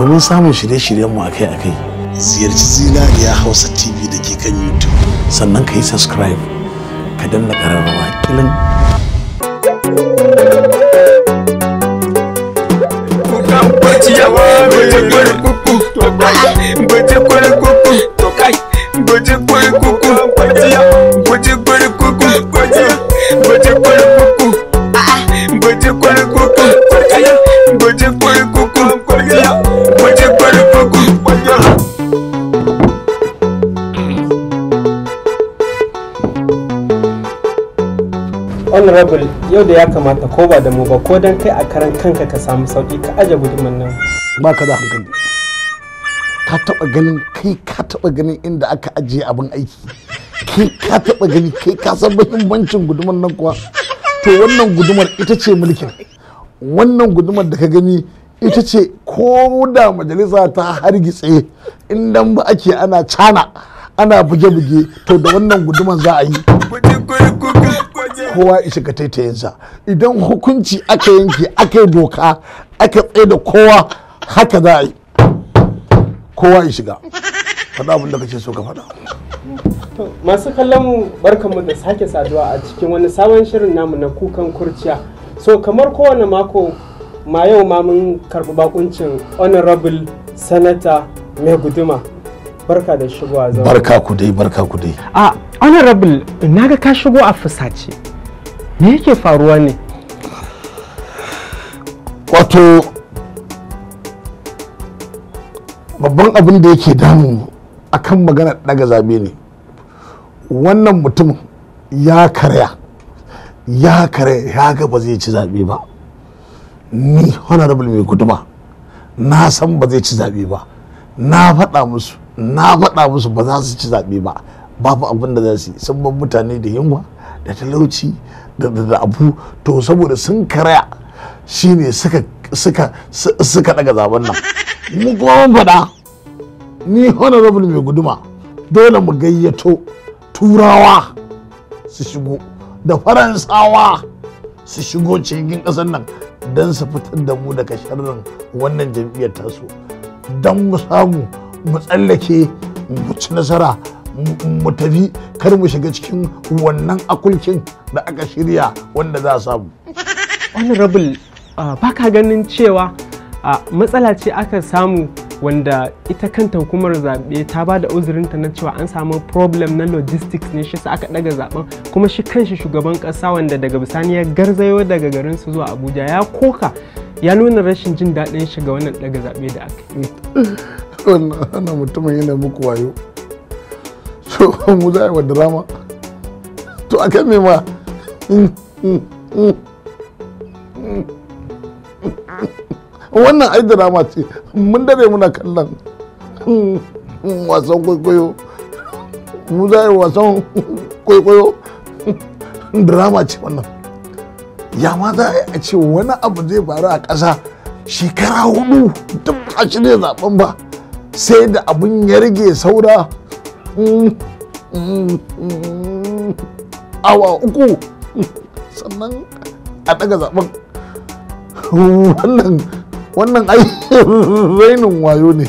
domin samun shirye shiryen mu akai-akai. Ziyarci Zinariya Hausa TV da ke kan YouTube. Sannan ka yi subscribe, ka danna ƙararrawa kilin. Bajikwarkuku, to kai, bajikwarkuku, to kai, bajikwarkuku. yau da ya kamata ko ba da mu ba ko dan kai a karan kanka ka samu sauki ka aje gudumin nan ba ka da gani ka taba ganin kai ka taba ganin inda aka ajiye abin aiki kai ka taba gani kai ka san muhimmancin gudumar nan kuwa to wannan gudumar ita ce mulkin wannan gudumar da ka gani ita ce ko da majalisa ta hargitse in dan ba ake ana cana ana buge-buge to da wannan guduman za a yi kowa isa ka taitayensa idan hukunci aka yanke aka yi doka aka tsaye da kowa haka za a yi kowa ya shiga faɗa abin da kace so ka faɗa masu kallon mu mu da sake saduwa a cikin wani sabon shirin namu na kukan kurciya so kamar kowane mako ma yau ma mun karɓi bakuncin honorable senator mai guduma barka da shigo a zama barka ku dai barka ku dai a honorable naga ka shigo a fusace me yake faruwa ne wato babban abin da yake damu akan magana daga zabe ne wannan mutum ya karya ya karya ya ga ba zai ci zabe ba ni honorable mai guduma na san ba zai ci zabe ba na faɗa musu na faɗa musu ba za su ci zaɓe ba babu abin da za su yi sun mutane da yunwa da talauci da abu to saboda sun karaya shine suka suka daga zaben nan mu kuma mun faɗa ni honorable mai guduma dole mu gayyato turawa su shigo da faransawa su shigo cikin ƙasar nan don su fitar da mu daga sharrin wannan jam'iyyar tasu don mu samu mu tsallake mu ci nasara mu tafi kar mu shiga cikin wannan akulkin da aka shirya wanda za a samu. rabul ba ka ganin cewa matsala ce aka samu wanda ita kanta hukumar zaɓe ta ba da uzurinta na cewa an samu problem na logistics ne shi sa aka ɗaga zaɓen kuma shi kanshi shugaban ƙasa wanda daga bisani ya garzayo daga garinsu zuwa abuja ya koka ya nuna rashin jin daɗin shiga wannan ɗaga zaɓe da aka yi wannan hana mutumin yana muku wayo so mu za a wa drama to a kan ma wannan ai drama ce mun dare muna kallon wasan kwaikwayo mu za a yi wasan kwaikwayo drama ce wannan ya ma za a ce wani abu zai faru a ƙasa shekara hudu duk a ne zaben ba sai da abin ya rage saura mm, mm, mm, awa uku sannan a daga zaben wannan wannan ainihin rainin wayo ne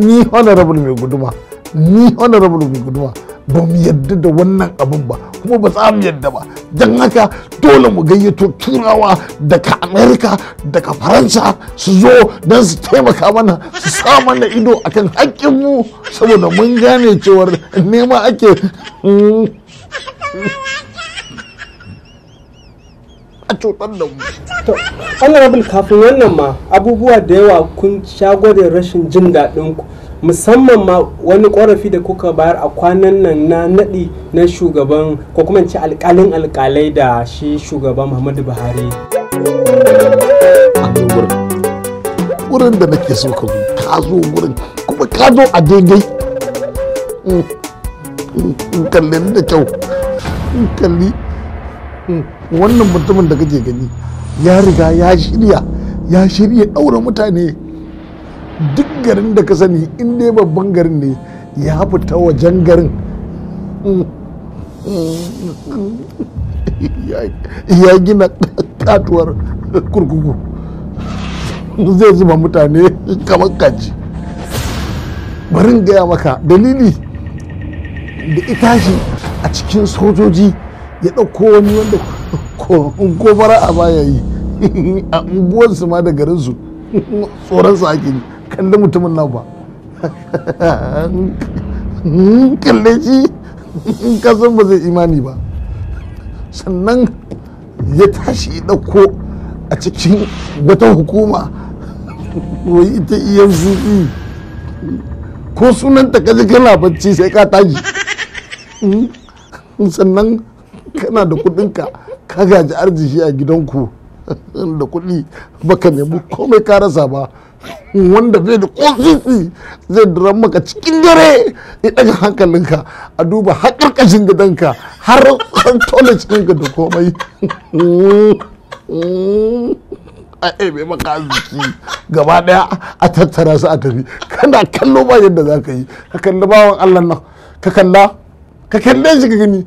ni honorable mai guduma ni honorable mai guduma ba mu yadda da wannan abin ba kuma ba za mu yadda ba don haka dole mu gayyato turawa daga amerika daga faransa su zo don su taimaka mana su sa mana ido akan haƙƙinmu saboda mun gane cewar nema ake a cutar da mu. honorable kafin wannan ma abubuwa da yawa kun gwada rashin jin daɗinku ku musamman ma wani korafi da kuka bayar a kwanan nan na naɗi na shugaban ko kuma ce alƙalin alƙalai da shi shugaban muhammadu buhari wurin da nake so ka zo ka zo wurin kuma ka zo a daidai mm, mm, in kalli da kyau in kalli mm, wannan mutumin da kake gani ya riga ya shirya ya shirya ɗaura mutane duk garin da ka sani in dai babban garin ne ya fita wajen garin ya gina katuwar kurkuku zai zuba mutane kamar kaji barin gaya maka dalili da shi a cikin sojoji ya ɗauko wani wanda ko a baya yi a unguwarsu ma da garinsu tsoronsu ake yi kalli mutumin nan ba kalle shi san ba zai imani ba sannan ya tashi ɗauko a cikin wata hukuma wai ita zuɗi e e. ko sunanta ka ji kana bacci sai ka tashi hmm? sannan kana da kudinka ka gaji arziki a gidanku da kuɗi baka nemi komai ka rasa ba wanda zai da ƙosisi zai dira maka cikin dare ya daga hankalinka a duba haƙarƙashin ƙarƙashin gidanka har tole cikinka da komai a ebe maka ziki gaba daya a tattara su a tafi kana kallo ba yadda za ka yi ka kalli bawan allah nan ka kalla ka kalle shi ka gani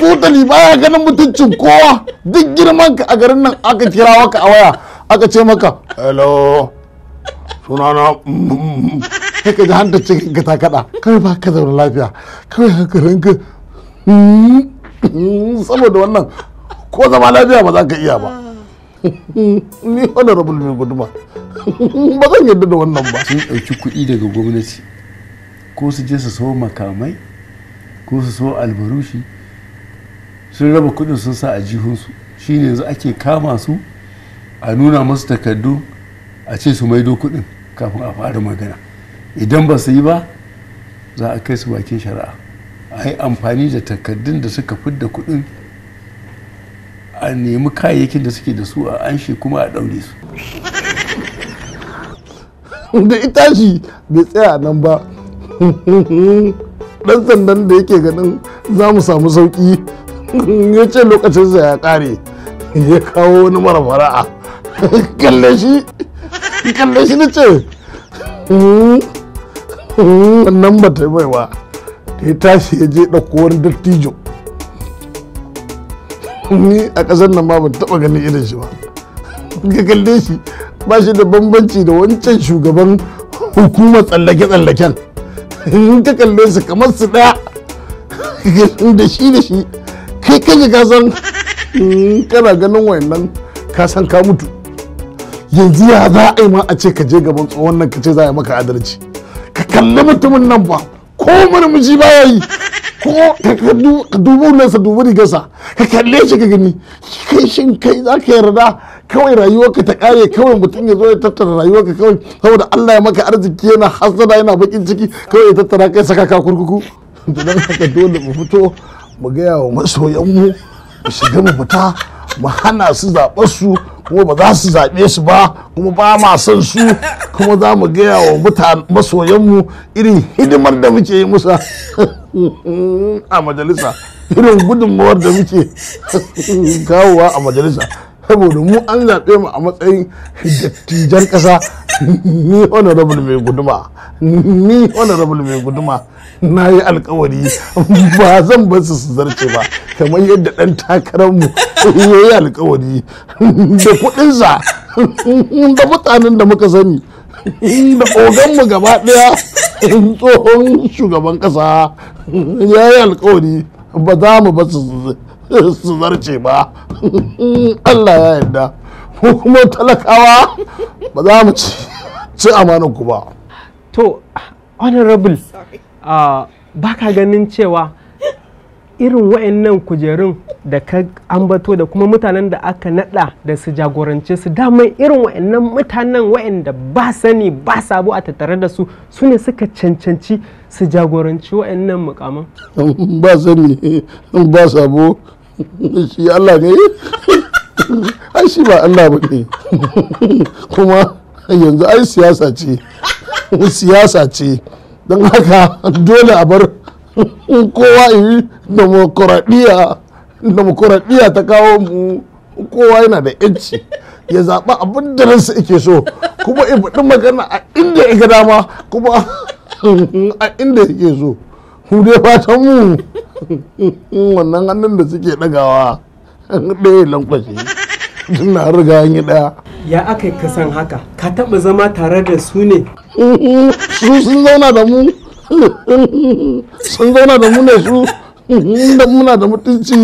ba baya ganin mutuncin kowa duk girman ka a garin nan aka kira waka a waya aka ce maka hello sunana mm, mm, mm. sai ka ji hanta cikin ka ta kada kai ba ka zaune lafiya kai hankalin ka saboda wannan ko zama lafiya ba za ka iya ba ni rabin mai guduma ba zan yarda da wannan ba sun ɗauki kuɗi daga gwamnati ko su je su so makamai ko su so albarushi sun raba kuɗin sun sa a jihunsu shine yanzu ake kama su a nuna masu takardu a ce su maido kuɗin kafin a fara magana idan ba su yi ba za a kai su bakin shari'a a yi amfani da takardun da suka fidda kuɗin a nemi kayayyakin da suke da su a anshi kuma a ɗaure su da ita shi bai tsaya nan ba ɗan sandan da yake ganin za mu samu sauƙi ya ce lokacinsa ya ƙare ya kawo wani mara fara'a kalle shi ka kalle shi na ce wannan ba ta bai ba da ya tashi ya je ɗauko wani dattijo ni a ƙasar nan ma ban taɓa ganin irin shi ba ka kalle shi ba shi da bambanci da wancan shugaban hukumar tsallake-tsallaken in ka kalle su kamar su ɗaya da shi da shi kai ka san hmm, kana ganin wayannan ka san ka mutu yanzu ya za a yi ma a ce ka je gaban tsohon nan ka ce za a yi maka adalci ka kalli mutumin nan ba ko murmushi ba ya yi ko ka dubi nasa dubu rigarsa ka kalle shi ka gani kai shin kai za ka yarda kawai rayuwarka ta kare kawai mutum ya zo ya tattara rayuwarka kawai saboda Allah ya maka arziki yana hasada yana bakin ciki kawai ya tattara kai saka ka kurkuku don haka dole mu fito mu gaya wa masoyanmu mu shiga mu fita mu hana su zaɓar su kuma ba za su zaɓe su ba kuma ba ma son su kuma za mu gaya wa masoyanmu irin hidimar da muke yi musa a majalisa irin gudunmawar da muke kawowa a majalisa saboda mu an zaɓe mu a matsayin dattijan ƙasa ni honorable mai guduma ni honorable mai guduma na yi alkawari ba zan ba su su zarce ba kamar yadda dan takararmu ya yi alkawari da kuɗinsa da mutanen da muka sani da oganmu gaba ɗaya tsohon shugaban ƙasa ya yi alkawari ba za mu ba su zarce ba Allah ya yarda ko kuma talakawa ba za mu ci amanar ku ba to honorable ba ka ganin cewa irin wa'annan kujerun da ka ambato da kuma mutanen da aka nada da su jagorance su damar irin wa'annan mutanen wa'anda ba sani ba sabo a tattare da su su suka cancanci su jagoranci wa'annan mukaman ba sani ba sabo shi Allah ne ai shi ba Allah ba ne kuma yanzu ai siyasa ce siyasa ce don haka dole a bar kowa yi demokuraɗiyya ta kawo mu kowa yana da yanci ya zaɓa abin da ransa yake so kuma ya faɗi magana a inda ya ga dama kuma a inda yake so hudu ya fatan mu wannan hannun da suke ɗagawa ɗaya lankwashe tun na riga an Ya aka ka san haka, ka taɓa zama tare da su ne? sun zauna da mu, sun zauna da mu ne su, da muna da mutunci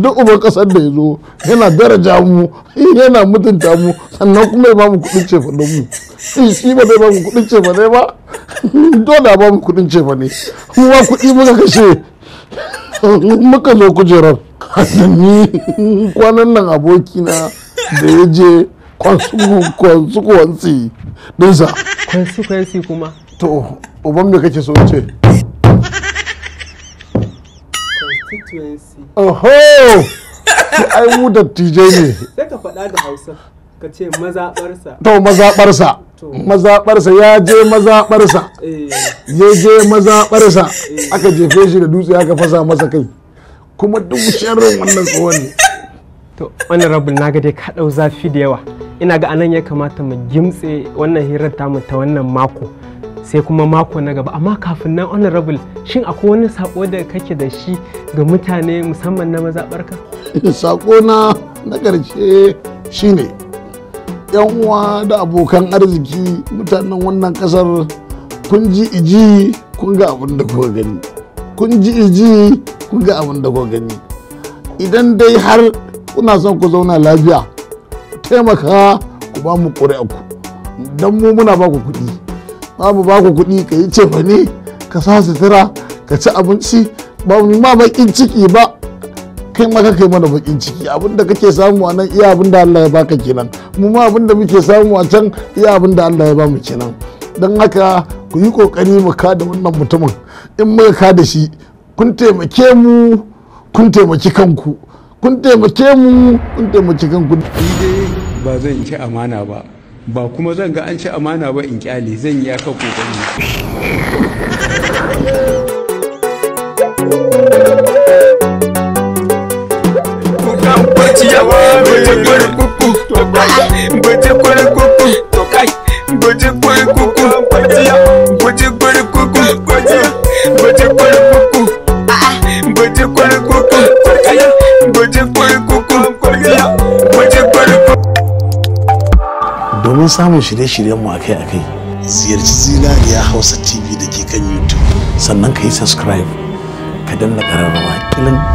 duk uban ƙasar da ya zo yana daraja mu, yana mutunta mu, sannan kuma ya bamu kuɗin cefa da mu. Shi ba zai bamu kuɗin cefa ne ba, dole a bamu kuɗin cefa ne. Kuma kuɗi muka kashe, muka zo kujerar. kasanni kwanan nan abokina da ya je kwansu dinsa kwansu kuma to uban me kake so ce oho to ai mu ne sai ka faɗa da hausa ka ce mazaɓarsa to mazaɓarsa mazaɓarsa ya je mazaɓarsa eh. ya je mazaɓarsa eh. aka jefe shi da dutse aka fasa masa kai kuma duk sharrin wannan tsohon ne to wani rabin na dai ka ɗau zafi da yawa ina ga anan ya kamata mu gimtse wannan hirar tamu ta wannan mako sai kuma mako na gaba amma kafin nan honorable shin akwai wani sako da kake da shi ga mutane musamman na mazaɓarka? sako na na ƙarshe shine yan uwa da abokan arziki mutanen wannan ƙasar kun ji iji kun ga abin da kuka gani kun ji iji kun ga abin da kuka gani idan dai har kuna son ku zauna lafiya taimaka ku ba mu ƙuri'arku don mu muna ba ku kuɗi ba mu ba ku kuɗi ka yi ce ne ka sa sutura ka ci abinci ba mu ma baƙin ciki ba kai maka kai mana baƙin ciki abin da kake samu a nan iya abin da Allah ya baka kenan mu ma abin da muke samu a can iya abin da Allah ya mu kenan don haka ku yi ƙoƙari mu kada wannan mutumin in muka kada shi kun taimake mu kun taimaki kanku kun taimake mu kun taimaki kanku dai ba zan ci amana ba ba kuma zan ga an ci amana ba in kyale zan yi aka kokari domin samun shirye-shiryenmu akai-akai ziyarci zinariya hausa tv da ke kan youtube sannan ka yi subscribe ka danna ƙararrawa kilin